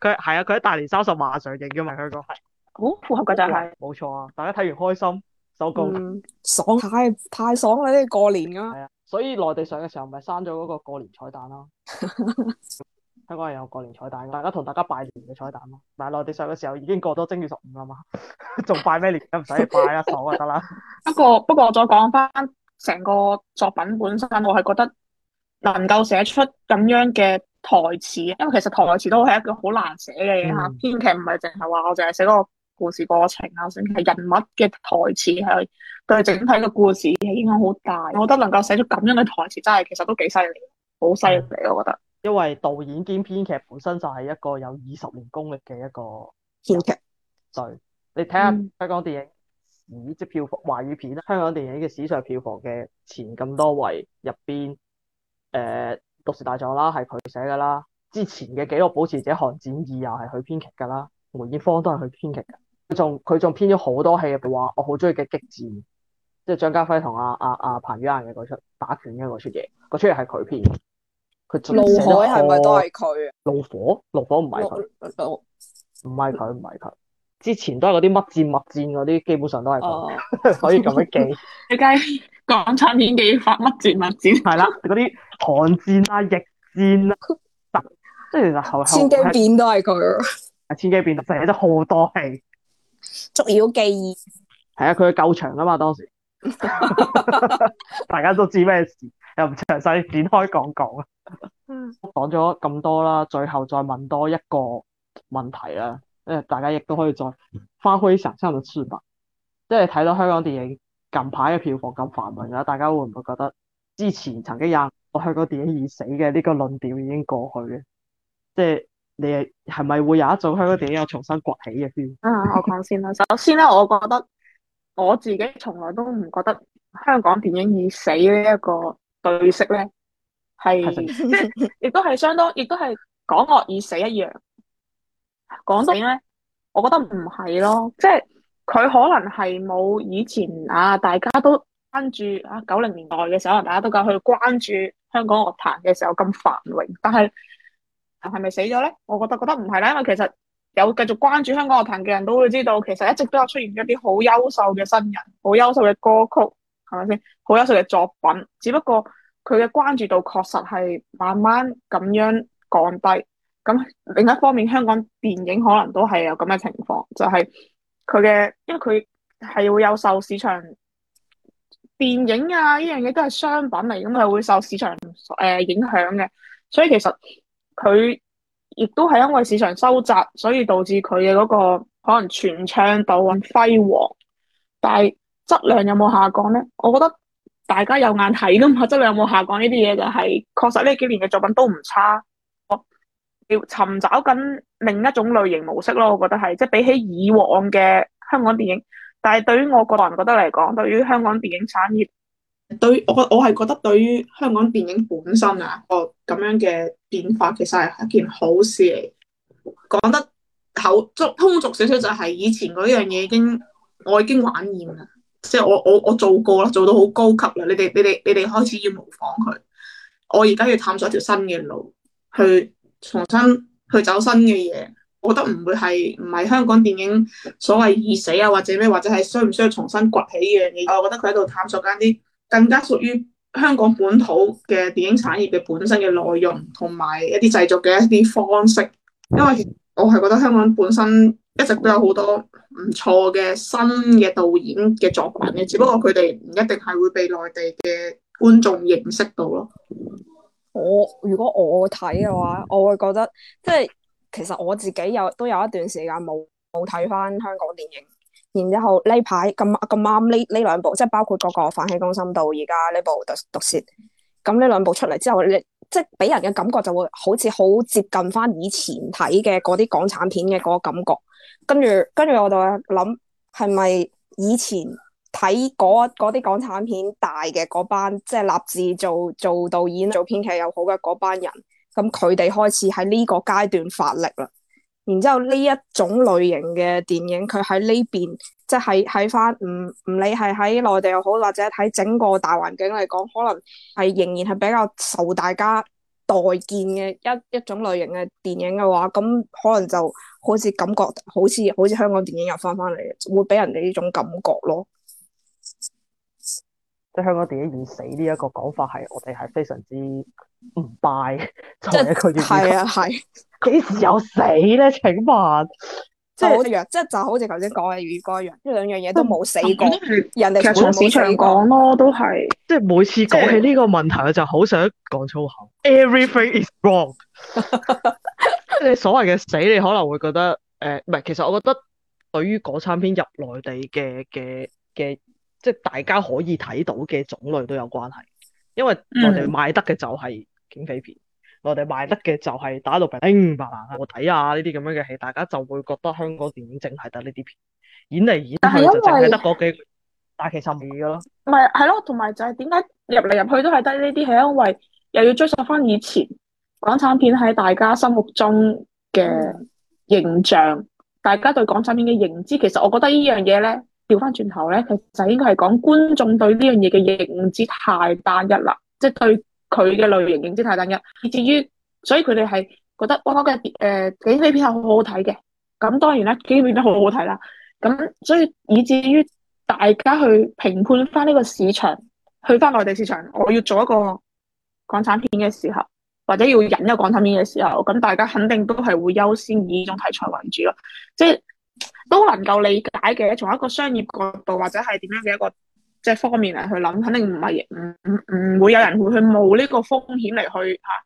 佢係啊，佢喺大年三十晚上影噶嘛，香港係，好符合價真係，冇錯的的啊！大家睇完開心，收工、嗯，爽太，太爽啦，呢個過年噶嘛，所以內地上嘅時候咪刪咗嗰個過年彩蛋咯。 香港係有過年彩蛋，大家同大家拜年嘅彩蛋咯。但係內地上嘅時候已經過咗正月十五啦嘛，仲拜咩年啊？唔使拜一手啊得啦。不過不過，我再講翻成個作品本身，我係覺得能夠寫出咁樣嘅。台詞，因為其實台詞都係一個好難寫嘅嘢嚇。嗯、編劇唔係淨係話我淨係寫個故事過程啊，先係人物嘅台詞係對整體嘅故事影響好大。我覺得能夠寫出咁樣嘅台詞真係其實都幾犀利，好犀利我覺得。因為導演兼編劇本身就係一個有二十年功力嘅一個編劇，對，你睇下香港電影史、嗯、即票房華語片香港電影嘅史上票房嘅前咁多位入邊，誒、呃。《毒舌大狀》啦，係佢寫噶啦。之前嘅紀錄保持者《寒戰二》又係佢編劇噶啦。梅艷芳都係佢編劇嘅。佢仲佢仲編咗好多戲入邊話，我好中意嘅激戰，即係張家輝同阿阿阿彭于晏嘅嗰出打拳嘅嗰出嘢，嗰出嘢係佢編嘅。佢怒海係咪都係佢？怒火怒火唔係佢，怒唔係佢，唔係佢。之前都係嗰啲乜戰乜戰嗰啲，基本上都係佢，可、哦、 以咁樣記。你梗係講片點要發乜戰乜戰係啦，嗰啲寒戰啦、啊、逆戰啦、啊，即係其實後後千機變都係佢。係、 啊、千機變，寫咗好多戲，捉妖記二係啊，佢夠長啊嘛，當時大家都知咩事，又唔詳細展開講講啊。講咗咁多啦，最後再問多一個問題啦。誒，大家亦都可以再發揮想象嘅翅膀，即係睇到香港電影近排嘅票房咁繁榮啦。大家會唔會覺得之前曾經有我香港電影已死嘅呢個論調已經過去嘅？即係你係咪會有一種香港電影有重新崛起嘅？啊，我講先啦，首先咧，我覺得我自己從來都唔覺得香港電影已死呢一個對色咧，係即係亦都係相當，亦都係港樂已死一樣。講到底咧，我覺得唔係咯，即係佢可能係冇以前啊，大家都關注啊九零年代嘅時候，大家都夠去關注香港樂壇嘅時候咁繁榮。但係係咪死咗咧？我覺得覺得唔係啦，因為其實有繼續關注香港樂壇嘅人都會知道，其實一直都有出現一啲好優秀嘅新人，好優秀嘅歌曲，係咪先？好優秀嘅作品，只不過佢嘅關注度確實係慢慢咁樣降低。咁另一方面，香港電影可能都係有咁嘅情況，就係佢嘅，因為佢係會有受市場電影啊呢樣嘢都係商品嚟，咁係會受市場誒、呃、影響嘅。所以其實佢亦都係因為市場收窄，所以導致佢嘅嗰個可能全唱度輝煌，但係質量有冇下降咧？我覺得大家有眼睇噶嘛，質量有冇下降呢啲嘢就係、是、確實呢幾年嘅作品都唔差。要尋找緊另一種類型模式咯，我覺得係即係比起以往嘅香港電影，但係對於我個人覺得嚟講，對於香港電影產業，對我我係覺得對於香港電影本身啊，個咁樣嘅變化，其實係一件好事嚟。講得口足通俗少少，就係以前嗰樣嘢已經我已經玩厭啦，即係我我我做過啦，做到好高級啦，你哋你哋你哋開始要模仿佢，我而家要探索一條新嘅路去。重新去走新嘅嘢，我覺得唔會係唔係香港電影所謂已死啊，或者咩，或者係需唔需要重新崛起嘅嘢？我覺得佢喺度探索緊啲更加屬於香港本土嘅電影產業嘅本身嘅內容，同埋一啲製作嘅一啲方式。因為我係覺得香港本身一直都有好多唔錯嘅新嘅導演嘅作品嘅，只不過佢哋唔一定係會被內地嘅觀眾認識到咯。我如果我睇嘅話，我會覺得即係其實我自己有都有一段時間冇冇睇翻香港電影，然之後呢排咁咁啱呢呢兩部，即係包括嗰個飯戲攻心到而家呢部毒毒舌，咁呢兩部出嚟之後，你即係俾人嘅感覺就會好似好接近翻以前睇嘅嗰啲港產片嘅嗰個感覺，跟住跟住我就諗係咪以前？睇嗰啲港產片大嘅嗰班，即係立志做做導演、做編劇又好嘅嗰班人，咁佢哋開始喺呢個階段發力啦。然之後呢一種類型嘅電影，佢喺呢邊即係喺翻唔唔理係喺內地又好，或者喺整個大環境嚟講，可能係仍然係比較受大家待見嘅一一種類型嘅電影嘅話，咁可能就好似感覺好似好似香港電影又翻返嚟，會俾人哋呢種感覺咯。即係香港電影要死呢即一個講法係，我哋係非常之唔 buy，佢哋係啊係，幾時有死咧？請問，即係是是好弱，即係就好似頭先講嘅粵語歌一樣，兩樣嘢都冇死過。實人哋其從市場講咯，都係即係每次講起呢個，是是個問題，我就好想講粗口。Everything is wrong。即 你所謂嘅死，你可能會覺得誒，唔、呃、係。其實我覺得對於港產片入內地嘅嘅嘅。即係大家可以睇到嘅種類都有關係，因為我哋賣得嘅就係警匪片，嗯、我哋賣得嘅就係打到平平無敵啊呢啲咁樣嘅戲，大家就會覺得香港電影淨係得呢啲片演嚟演去就淨係得嗰幾大奇尋異咯。唔係係咯，同 埋 就係點解入嚟入去都係得呢啲，係因為又要追溯返以前港產片喺大家心目中嘅形象，大家對港產片嘅認知。其實我覺得呢樣嘢咧。調翻轉頭咧，其實就應該係講觀眾對呢樣嘢嘅認知太單一啦，即係對佢嘅類型認知太單一，以至於所以佢哋係覺得哇，嗰個誒警匪片係好好睇嘅，咁當然啦，基本都好好睇啦。咁所以以至於大家去評判翻呢個市場，去翻內地市場，我要做一個港產片嘅時候，或者要引一個港產片嘅時候，咁大家肯定都係會優先以呢種題材為主咯，即係。都能夠理解嘅，從一個商業角度或者係點樣嘅一個即係方面嚟去諗，肯定唔係唔唔唔會有人會去冒呢個風險嚟去吓、啊、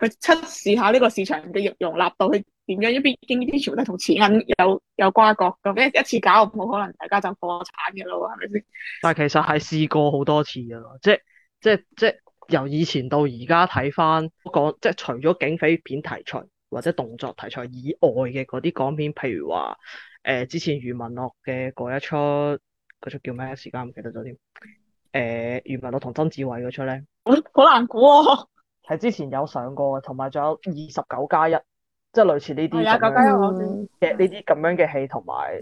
去測試下呢個市場嘅容容納度去點樣一經，一邊驚呢啲全部都同錢銀有有瓜葛嘅，一一次搞唔好，可能大家就破產嘅咯，係咪先？但係其實係試過好多次嘅咯，即係即係即係由以前到而家睇翻，講即係除咗警匪片題材。或者動作題材以外嘅嗰啲港片，譬如話誒、呃，之前余文樂嘅嗰一出嗰出叫咩？時間唔記得咗添。誒、呃，余文樂同曾志偉嗰出咧，好難估、哦。係之前有上過，同埋仲有二十九加一，1, 即係類似呢啲二十九加一嘅呢啲咁樣嘅戲，同埋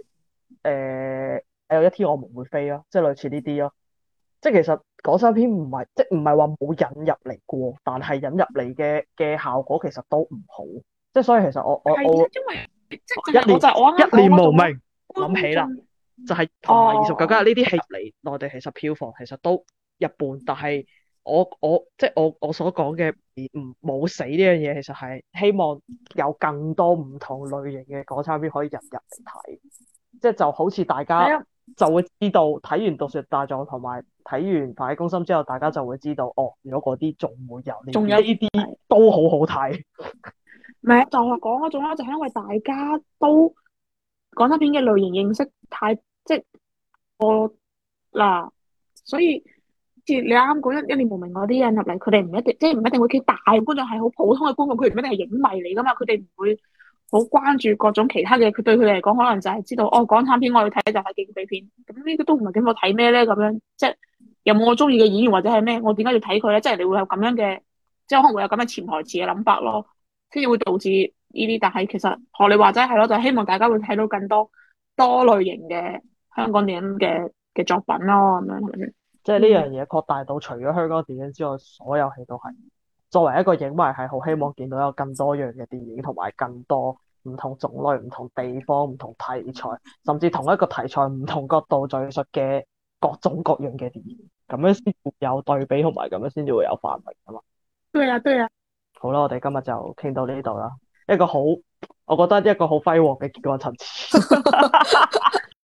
誒，有一天我們會飛咯、啊，即係類似呢啲咯。即係其實港產片唔係即係唔係話冇引入嚟過，但係引入嚟嘅嘅效果其實都唔好。即係所以，其實我我因為我一念，一念無明諗起啦，嗯、就係同埋二十九家呢啲戲嚟內地，哦、其實票房其實都一般。但係我我即係我我所講嘅唔冇死呢樣嘢，其實係希望有更多唔同類型嘅港產片可以入入嚟睇。即係就好似大家就會知道，睇的完《毒舌大狀》同埋睇完《飯戲攻心》之後，大家就會知道哦，如果嗰啲仲會有呢啲有都好好睇。 唔係，就係講嗰種咯，就係因為大家都港產片嘅類型認識太即係我嗱、啊，所以好似你啱講一一年無名嗰啲人入嚟，佢哋唔一定即係唔一定會企大觀眾係好普通嘅觀眾，佢哋唔一定係影迷嚟㗎嘛，佢哋唔會好關注各種其他嘅，佢對佢嚟講可能就係知道哦，港產片我要睇就係警匪片，咁呢個都唔係點我睇咩咧咁樣，即係有冇我中意嘅演員或者係咩，我點解要睇佢咧？即係你會有咁樣嘅，即係可能會有咁嘅潛台詞嘅諗法咯。即係會導致呢啲，但係其實學你話齋係咯，就希望大家會睇到更多多類型嘅香港電影嘅嘅作品咯，咁樣，係咪先。嗯、即係呢樣嘢擴大到除咗香港電影之外，所有戲都係。作為一個影迷，係好希望見到有更多樣嘅電影，同埋更多唔同種類、唔同地方、唔同題材，甚至同一個題材唔同角度敘述嘅各種各樣嘅電影。咁樣先有對比，同埋咁樣先至會有範圍啊嘛。對啊，對啊。好啦，我哋今日就傾到呢度啦。一個好，我覺得一個好輝煌嘅結果層次。